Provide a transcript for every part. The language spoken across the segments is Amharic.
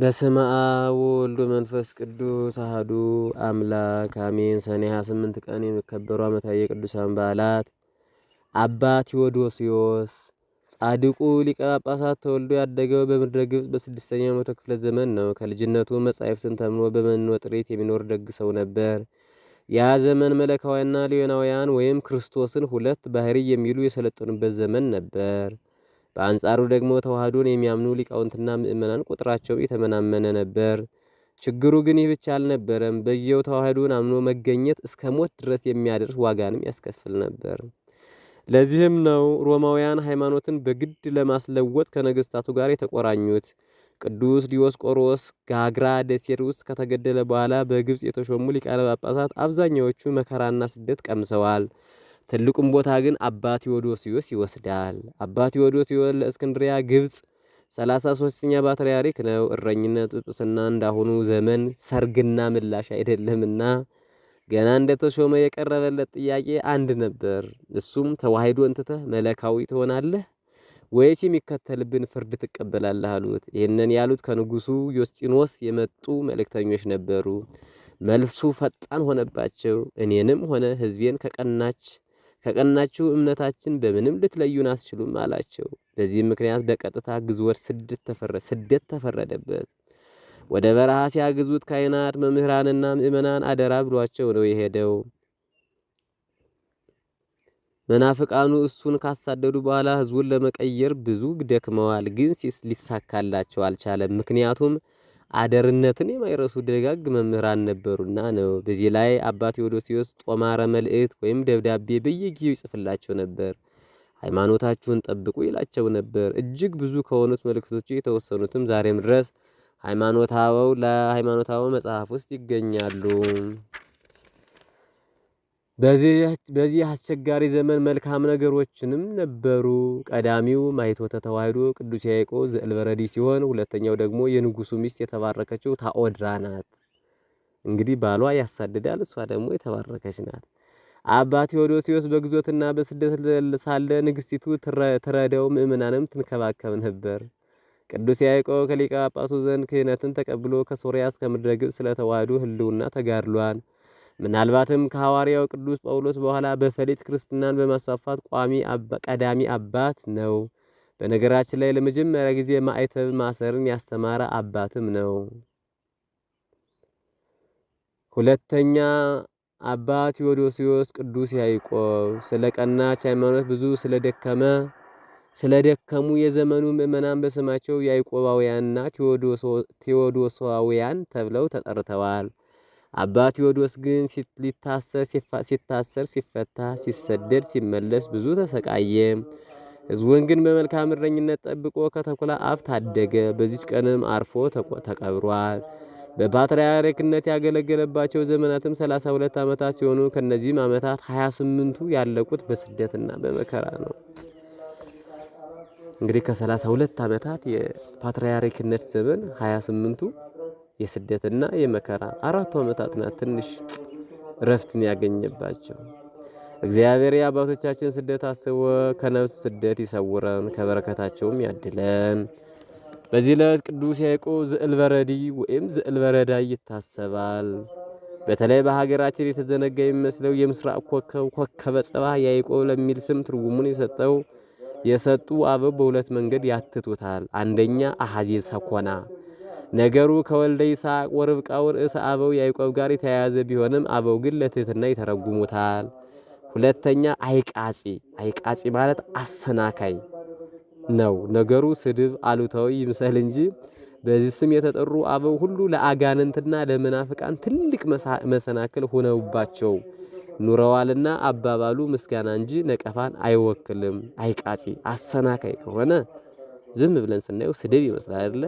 በስመ አብ ወወልድ ወመንፈስ ቅዱስ አሐዱ አምላክ አሜን። ሰኔ 28 ቀን የሚከበሩ ዓመታዊ የቅዱሳን በዓላት አባ ቴዎዶስዮስ ጻድቁ ሊቀ ጳጳሳት ተወልዶ ያደገው በምድረ ግብጽ በስድስተኛ መቶ ክፍለ ዘመን ነው። ከልጅነቱ መጻሕፍትን ተምሮ በመኖ ጥሪት የሚኖር ደግ ሰው ነበር። ያ ዘመን መለካውያንና ሌዮናውያን ወይም ክርስቶስን ሁለት ባህሪ የሚሉ የሰለጠኑበት ዘመን ነበር። በአንጻሩ ደግሞ ተዋህዶን የሚያምኑ ሊቃውንትና ምእመናን ቁጥራቸው የተመናመነ ነበር። ችግሩ ግን ይህ ብቻ አልነበረም። በየው ተዋህዶን አምኖ መገኘት እስከ ሞት ድረስ የሚያደርስ ዋጋንም ያስከፍል ነበር። ለዚህም ነው ሮማውያን ሃይማኖትን በግድ ለማስለወጥ ከነገስታቱ ጋር የተቆራኙት። ቅዱስ ዲዮስቆሮስ ጋግራ ደሴት ውስጥ ከተገደለ በኋላ በግብፅ የተሾሙ ሊቃነ ጳጳሳት አብዛኛዎቹ መከራና ስደት ቀምሰዋል። ትልቁም ቦታ ግን አባ ቴዎዶስዮስ ይወስዳል። አባ ቴዎዶስዮስ ለእስክንድሪያ ግብፅ 33 ኛ ፓትርያርክ ነው። እረኝነት ጵጵስና እንዳሁኑ ዘመን ሰርግና ምላሽ አይደለምና ገና እንደተሾመ የቀረበለት ጥያቄ አንድ ነበር። እሱም ተዋህዶ እንትተህ መለካዊ ትሆናለህ ወይስ የሚከተልብን ፍርድ ትቀበላለህ አሉት። ይህንን ያሉት ከንጉሱ ዮስጢኖስ የመጡ መልእክተኞች ነበሩ። መልሱ ፈጣን ሆነባቸው። እኔንም ሆነ ሕዝቤን ከቀናች ከቀናችሁ እምነታችን በምንም ልትለዩን አስችሉም አላቸው። በዚህም ምክንያት በቀጥታ ግዝወት ስደት ተፈረደበት። ወደ በረሃ ሲያግዙት ካህናት መምህራንና ምእመናን አደራ ብሏቸው ነው የሄደው። መናፍቃኑ እሱን ካሳደዱ በኋላ ህዝቡን ለመቀየር ብዙ ደክመዋል፣ ግን ሊሳካላቸው አልቻለም። ምክንያቱም አደርነትን የማይረሱ ደጋግ መምህራን ነበሩና ነው። በዚህ ላይ አባ ቴዎዶሲዎስ ጦማረ መልእክት ወይም ደብዳቤ በየጊዜው ይጽፍላቸው ነበር። ሃይማኖታችሁን ጠብቁ ይላቸው ነበር። እጅግ ብዙ ከሆኑት መልእክቶቹ የተወሰኑትም ዛሬም ድረስ ሃይማኖታው ለሃይማኖታዊ መጽሐፍ ውስጥ ይገኛሉ። በዚህ አስቸጋሪ ዘመን መልካም ነገሮችንም ነበሩ። ቀዳሚው ማኅቶተ ተዋሕዶ ቅዱስ ያዕቆብ ዘእልበረዲ ሲሆን ሁለተኛው ደግሞ የንጉሱ ሚስት የተባረከችው ታኦድራ ናት። እንግዲህ ባሏ ያሳድዳል፣ እሷ ደግሞ የተባረከች ናት። አባ ቴዎዶሲዎስ በግዞትና በስደት ሳለ ንግስቲቱ ትረዳው፣ ምእመናንም ትንከባከብ ነበር። ቅዱስ ያዕቆብ ከሊቀ ጳጳሱ ዘንድ ክህነትን ተቀብሎ ከሶርያ እስከ ምድረ ግብፅ ስለ ተዋሕዶ ተጋድሏል። ምናልባትም ከሐዋርያው ቅዱስ ጳውሎስ በኋላ በፈሊት ክርስትናን በማስፋፋት ቋሚ ቀዳሚ አባት ነው። በነገራችን ላይ ለመጀመሪያ ጊዜ ማዕተብ ማሰርን ያስተማረ አባትም ነው። ሁለተኛ አባ ቴዎዶሲዎስ ቅዱስ ያዕቆብ ስለ ቀናች ሃይማኖት ብዙ ስለደከመ ስለደከሙ የዘመኑ ምእመናን በስማቸው ያዕቆባውያንና ቴዎዶሳውያን ተብለው ተጠርተዋል። አባ ቴዎድሮስ ግን ሲታሰር፣ ሲፈታ፣ ሲሰደድ፣ ሲመለስ ብዙ ተሰቃየ። ሕዝቡን ግን በመልካም እረኝነት ጠብቆ ከተኩላ አፍ ታደገ። በዚች ቀንም አርፎ ተቀብሯል። በፓትርያርክነት ያገለገለባቸው ዘመናትም 32 ዓመታት ሲሆኑ ከነዚህም ዓመታት 28ቱ ያለቁት በስደትና በመከራ ነው። እንግዲህ ከ32 ዓመታት የፓትርያርክነት ዘመን 28ቱ የስደትና የመከራ አራቱ ዓመታትና ትንሽ እረፍትን ያገኘባቸው። እግዚአብሔር የአባቶቻችን ስደት አስቦ ከነፍስ ስደት ይሰውረን፣ ከበረከታቸውም ያድለን። በዚህ ዕለት ቅዱስ ያዕቆብ በረዲ ወይም በረዳ ይታሰባል። በተለይ በሀገራችን የተዘነጋ የሚመስለው የምስራቅ ኮከብ ኮከበ ጽባሕ ያዕቆብ ለሚል ስም ትርጉሙን የሰጠው የሰጡ አበው በሁለት መንገድ ያትቱታል። አንደኛ አሐዜ ሰኮና ነገሩ ከወልደ ይስሐቅ ወርብቃ ወርእሰ አበው ያዕቆብ ጋር የተያያዘ ቢሆንም አበው ግን ለትህትና ይተረጉሙታል። ሁለተኛ አይቃጺ አይቃጺ ማለት አሰናካይ ነው። ነገሩ ስድብ አሉታዊ ይምሰል እንጂ በዚህ ስም የተጠሩ አበው ሁሉ ለአጋንንትና ለመናፍቃን ትልቅ መሰናክል ሆነውባቸው ኑረዋልና አባባሉ ምስጋና እንጂ ነቀፋን አይወክልም። አይቃጺ አሰናካይ ከሆነ ዝም ብለን ስናየው ስድብ ይመስላል አይደለ?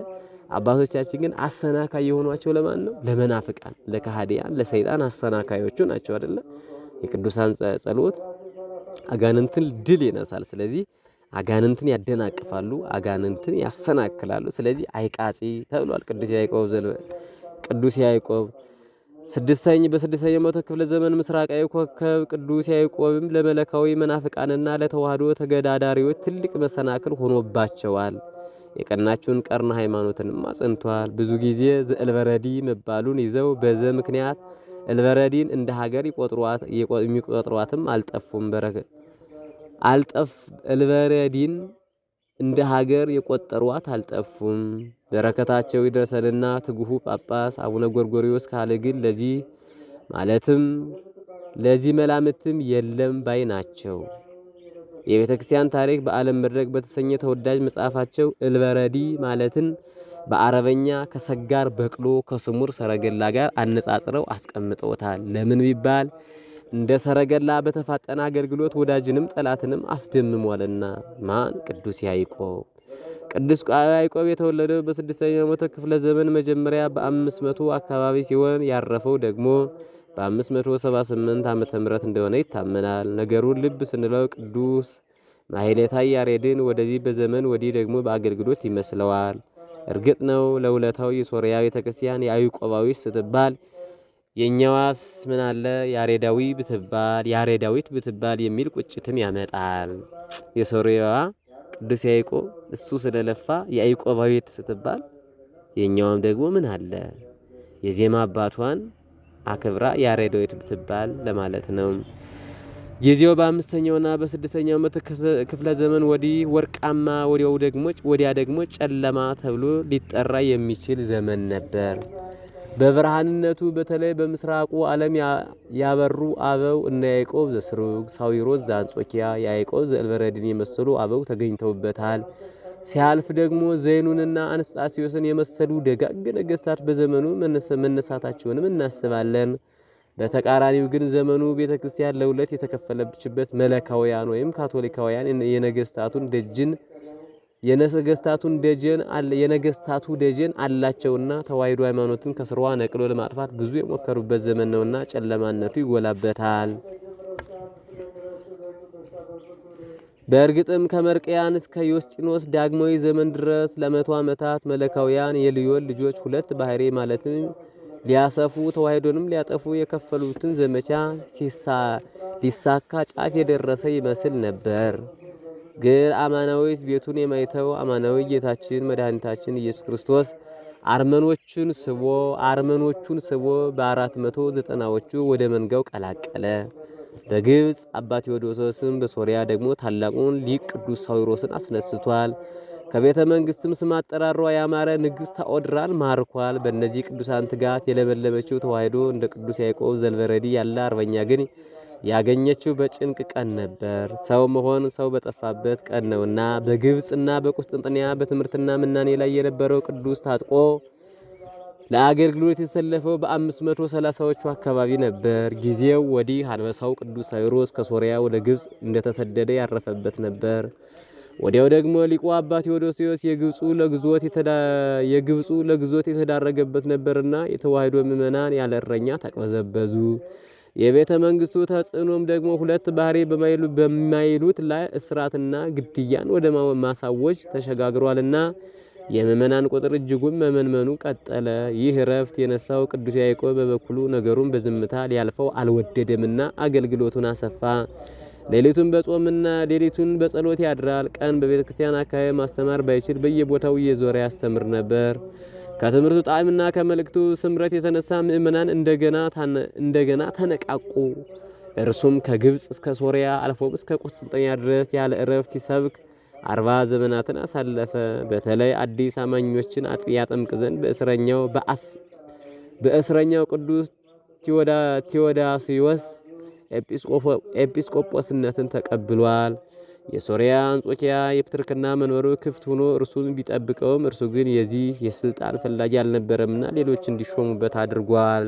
አባቶቻችን ግን አሰናካይ የሆኗቸው ለማን ነው? ለመናፍቃን፣ ለካሃዲያን፣ ለሰይጣን አሰናካዮቹ ናቸው አይደለ? የቅዱሳን ጸሎት አጋንንትን ድል ይነሳል። ስለዚህ አጋንንትን ያደናቅፋሉ፣ አጋንንትን ያሰናክላሉ። ስለዚህ አይቃጺ ተብሏል። ቅዱስ ያዕቆብ ቅዱስ ያዕቆብ ስድስተኝ በስድስተኛው መቶ ክፍለ ዘመን ምስራቃዊ ኮከብ ቅዱስ ያዕቆብም ለመለካዊ መናፍቃንና ለተዋህዶ ተገዳዳሪዎች ትልቅ መሰናክል ሆኖባቸዋል። የቀናችውን ቀርና ሃይማኖትንም አጽንቷል። ብዙ ጊዜ ዘእልበረዲ መባሉን ይዘው በዘ ምክንያት እልበረዲን እንደ ሀገር የሚቆጥሯትም አልጠፉም። በረከ አልጠፍ እልበረዲን እንደ ሀገር የቆጠሯት አልጠፉም። በረከታቸው ይድረሰንና ትጉሁ ጳጳስ አቡነ ጎርጎሪዎስ ካለ ግን ለዚህ ማለትም ለዚህ መላምትም የለም ባይ ናቸው። የቤተ ክርስቲያን ታሪክ በዓለም መድረክ በተሰኘ ተወዳጅ መጽሐፋቸው እልበረዲ ማለትን በአረበኛ ከሰጋር በቅሎ ከስሙር ሰረገላ ጋር አነጻጽረው አስቀምጠውታል። ለምን ቢባል እንደ ሰረገላ በተፋጠነ አገልግሎት ወዳጅንም ጠላትንም አስደምሟልና። ማን ቅዱስ ያዕቆብ ቅዱስ ያዕቆብ የተወለደው በስድስተኛው መቶ ክፍለ ዘመን መጀመሪያ በአምስት መቶ አካባቢ ሲሆን ያረፈው ደግሞ በ578 ዓመተ ምህረት እንደሆነ ይታመናል። ነገሩን ልብ ስንለው ቅዱስ ማህሌታ ያሬድን ወደዚህ በዘመን ወዲህ ደግሞ በአገልግሎት ይመስለዋል። እርግጥ ነው ለውለታው የሶርያ ቤተ ክርስቲያን የአይቆባዊ ስትባል የእኛዋስ ምን አለ ያሬዳዊ ብትባል ያሬዳዊት ብትባል የሚል ቁጭትም ያመጣል። የሶርያዋ ቅዱስ ያይቆ እሱ ስለለፋ የአይቆባዊት ስትባል የኛዋም ደግሞ ምን አለ የዜማ አባቷን አክብራ ያሬዶይት ብትባል ለማለት ነው። ጊዜው በአምስተኛውና በስድስተኛው መቶ ክፍለ ዘመን ወዲህ ወርቃማ፣ ወዲያው ደግሞ ወዲያ ደግሞ ጨለማ ተብሎ ሊጠራ የሚችል ዘመን ነበር። በብርሃንነቱ በተለይ በምስራቁ ዓለም ያበሩ አበው እነ ያዕቆብ ዘስሩግ፣ ሳዊሮስ ዘአንጾኪያ፣ ያዕቆብ ዘእልበረድን የመሰሉ አበው ተገኝተውበታል። ሲያልፍ ደግሞ ዘይኑንና አንስታሲዮስን የመሰሉ ደጋግ ነገስታት በዘመኑ መነሳታቸውንም እናስባለን። በተቃራኒው ግን ዘመኑ ቤተ ክርስቲያን ለሁለት የተከፈለችበት መለካውያን ወይም ካቶሊካውያን የነገስታቱን ደጅን የነገስታቱን ደጀን የነገስታቱ ደጀን አላቸውና ተዋሕዶ ሃይማኖትን ከስሯ ነቅሎ ለማጥፋት ብዙ የሞከሩበት ዘመን ነውና ጨለማነቱ ይጎላበታል። በእርግጥም ከመርቅያን እስከ ዮስጢኖስ ዳግማዊ ዘመን ድረስ ለመቶ ዓመታት መለካውያን የልዮን ልጆች ሁለት ባህሬ ማለትም ሊያሰፉ ተዋሕዶንም ሊያጠፉ የከፈሉትን ዘመቻ ሊሳካ ጫፍ የደረሰ ይመስል ነበር። ግን አማናዊት ቤቱን የማይተው አማናዊ ጌታችን መድኃኒታችን ኢየሱስ ክርስቶስ አርመኖቹን ስቦ አርመኖቹን ስቦ በአራት መቶ ዘጠናዎቹ ወደ መንጋው ቀላቀለ። በግብፅ አባ ቴዎዶሶስም በሶሪያ ደግሞ ታላቁን ሊቅ ቅዱስ ሳዊሮስን አስነስቷል። ከቤተ መንግስትም ስም አጠራሯ ያማረ ንግሥት ታኦድራል ማርኳል። በእነዚህ ቅዱሳን ትጋት የለበለበችው ተዋሕዶ እንደ ቅዱስ ያዕቆብ ዘልበረዲ ያለ አርበኛ ግን ያገኘችው በጭንቅ ቀን ነበር። ሰው መሆን ሰው በጠፋበት ቀን ነውና በግብፅና በቁስጥንጥንያ በትምህርትና ምናኔ ላይ የነበረው ቅዱስ ታጥቆ ለአገልግሎት የተሰለፈው በአምስት መቶ ሰላሳዎቹ አካባቢ ነበር። ጊዜው ወዲህ አንበሳው ቅዱስ ሳዊሮስ ከሶሪያ ወደ ግብፅ እንደተሰደደ ያረፈበት ነበር። ወዲያው ደግሞ ሊቁ አባ ቴዎዶሲዎስ የግብፁ ለግዞት የተዳረገበት ነበርና የተዋህዶ ምዕመናን ያለ እረኛ ተቅበዘበዙ። የቤተ መንግስቱ ተጽዕኖም ደግሞ ሁለት ባህሪ በማይሉት ላይ እስራትና ግድያን ወደ ማሳወጅ ተሸጋግሯልና የምእመናን ቁጥር እጅጉን መመንመኑ ቀጠለ። ይህ እረፍት የነሳው ቅዱስ ያዕቆብ በበኩሉ ነገሩን በዝምታ ሊያልፈው አልወደደምና አገልግሎቱን አሰፋ። ሌሊቱን በጾምና ሌሊቱን በጸሎት ያድራል። ቀን በቤተ ክርስቲያን አካባቢ ማስተማር ባይችል በየቦታው እየዞረ ያስተምር ነበር። ከትምህርቱ ጣዕምና ከመልእክቱ ስምረት የተነሳ ምእመናን እንደገና ተነቃቁ። እርሱም ከግብፅ እስከ ሶሪያ አልፎም እስከ ቁስጥንጥንያ ድረስ ያለ እረፍት ሲሰብክ አርባ ዘመናትን አሳለፈ። በተለይ አዲስ አማኞችን ያጠምቅ ዘንድ በእስረኛው በእስረኛው ቅዱስ ቴዎዳሲዎስ ኤጲስቆጶስነትን ተቀብሏል። የሶሪያ አንጾኪያ የፕትርክና መንበሩ ክፍት ሆኖ እርሱን ቢጠብቀውም እርሱ ግን የዚህ የስልጣን ፈላጊ አልነበረምና ሌሎች እንዲሾሙበት አድርጓል።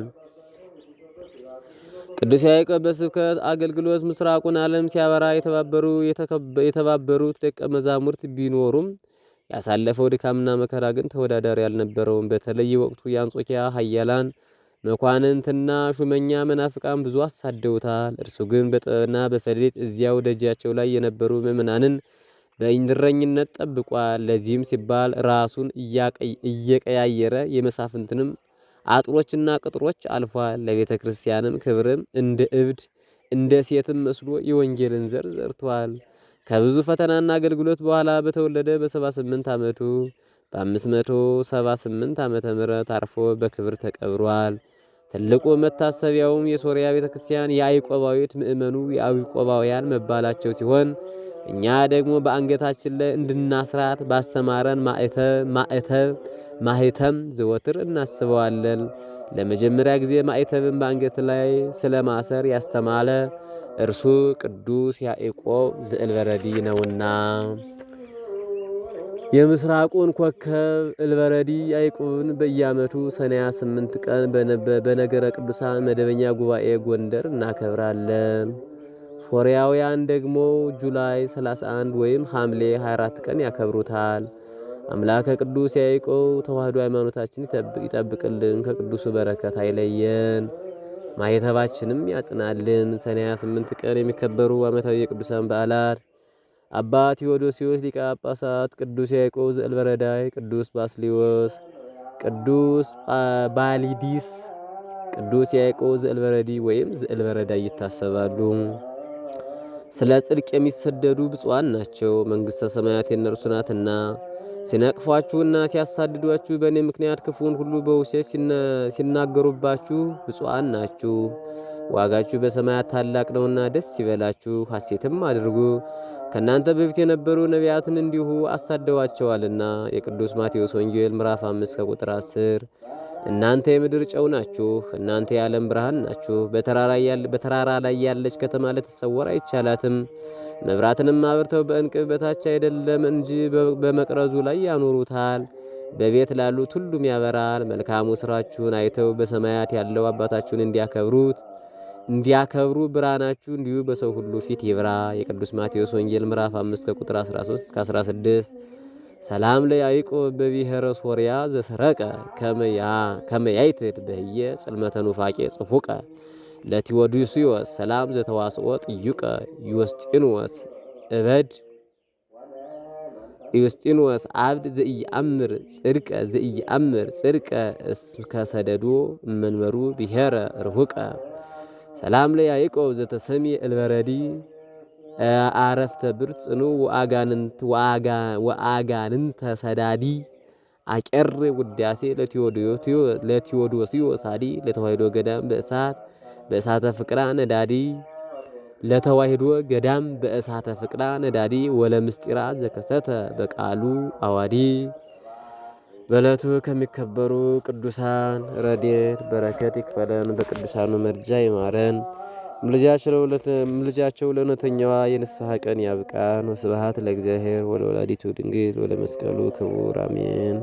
ቅዱስ ያዕቆብ በስብከት አገልግሎት ምስራቁን ዓለም ሲያበራ የተባበሩ የተባበሩት ደቀ መዛሙርት ቢኖሩም ያሳለፈው ድካምና መከራ ግን ተወዳዳሪ አልነበረውም። በተለይ ወቅቱ የአንጾኪያ ኃያላን መኳንንትና ሹመኛ መናፍቃን ብዙ አሳደውታል። እርሱ ግን በጥበብና በፈሌት እዚያው ደጃቸው ላይ የነበሩ ምእመናንን በእንድረኝነት ጠብቋል። ለዚህም ሲባል ራሱን እየቀያየረ የመሳፍንትንም አጥሮችና ቅጥሮች አልፏል። ለቤተ ክርስቲያንም ክብርም እንደ እብድ እንደ ሴትም መስሎ የወንጌልን ዘር ዘርቷል። ከብዙ ፈተናና አገልግሎት በኋላ በተወለደ በ78 ዓመቱ በ578 ዓመተ ምህረት አርፎ በክብር ተቀብሯል። ትልቁ መታሰቢያውም የሶርያ ቤተ ክርስቲያን የአይቆባዊት ምእመኑ የአይቆባውያን መባላቸው ሲሆን እኛ ደግሞ በአንገታችን ላይ እንድናስራት ባስተማረን ማእተብ ማእተብ ማህተም ዘወትር እናስበዋለን። ለመጀመሪያ ጊዜ ማህተብን በአንገት ላይ ስለ ማሰር ያስተማለ እርሱ ቅዱስ ያዕቆብ ዘእልበረዲ ነውና። የምስራቁን ኮከብ እልበረዲ ያዕቆብን በየዓመቱ ሰኔ 8 ቀን በነገረ ቅዱሳን መደበኛ ጉባኤ ጎንደር እናከብራለን። ሶርያውያን ደግሞ ጁላይ 31 ወይም ሐምሌ 24 ቀን ያከብሩታል። አምላከ ቅዱስ ያዕቆብ ተዋህዶ ሃይማኖታችን ይጠብቅልን፣ ከቅዱሱ በረከት አይለየን፣ ማየተባችንም ያጽናልን። ሰኔ 28 ቀን የሚከበሩ ዓመታዊ የቅዱሳን በዓላት አባ ቴዎዶሲዎስ ሊቀ ጳጳሳት፣ ቅዱስ ያዕቆብ ዘእልበረዳይ፣ ቅዱስ ባስሊዮስ፣ ቅዱስ ባሊዲስ፣ ቅዱስ ያዕቆብ ዘእልበረዲ ወይም ዘእልበረዳይ ይታሰባሉ። ስለ ጽድቅ የሚሰደዱ ብፁዓን ናቸው፣ መንግሥተ ሰማያት የነርሱ ናትና። ሲነቅፏችሁና ሲያሳድዷችሁ በእኔ ምክንያት ክፉን ሁሉ በውሸት ሲናገሩባችሁ ብፁዓን ናችሁ። ዋጋችሁ በሰማያት ታላቅ ነውና ደስ ይበላችሁ፣ ሐሴትም አድርጉ። ከእናንተ በፊት የነበሩ ነቢያትን እንዲሁ አሳደዋቸዋልና። የቅዱስ ማቴዎስ ወንጌል ምዕራፍ 5 ከቁጥር 10 እናንተ የምድር ጨው ናችሁ፣ እናንተ የዓለም ብርሃን ናችሁ። በተራራ ላይ ያለች ከተማ ልትሰወር አይቻላትም። መብራትንም አብርተው በእንቅብ በታች አይደለም እንጂ በመቅረዙ ላይ ያኖሩታል። በቤት ላሉት ሁሉም ያበራል። መልካሙ ስራችሁን አይተው በሰማያት ያለው አባታችሁን እንዲያከብሩት እንዲያከብሩ ብርሃናችሁ እንዲሁ በሰው ሁሉ ፊት ይብራ። የቅዱስ ማቴዎስ ወንጌል ምዕራፍ 5 ከቁጥር 13 እስከ 16 ሰላም ለያዕቆብ በብሔረ ሶርያ ዘሰረቀ ከመያይትድ በህየ ጽልመተ ኑፋቄ ጽፉቀ ለቲወዱስዮስ ሰላም ዘተዋስኦ ጥዩቀ ዩስጢኖስ እበድ ዩስጢኖስ አብድ ዘኢየአምር ጽድቀ ዘኢየአምር ጽድቀ እስከ ሰደዶ መንበሩ ብሔረ ርሁቀ ሰላም ለያዕቆብ ዘተሰሚ እልበረዲ አረፍተ ብር ጽኑ ወአጋንን ተሰዳዲ አቄር ውዳሴ ለቴዎዶሲዮ ሳዲ ለተዋሂዶ ገዳም በእሳት በእሳተ ፍቅራ ነዳዲ ለተዋሂዶ ገዳም በእሳተ ፍቅራ ነዳዲ ወለምስጢራ ዘከሰተ በቃሉ አዋዲ። በለቱ ከሚከበሩ ቅዱሳን ረድኤት በረከት ይክፈለን፣ በቅዱሳኑ መርጃ ይማረን። ምልጃቸው ለእውነተኛዋ የንስሐ ቀን ያብቃን። ወስብሐት ለእግዚአብሔር ወለወላዲቱ ድንግል ወለመስቀሉ ክቡር አሜን።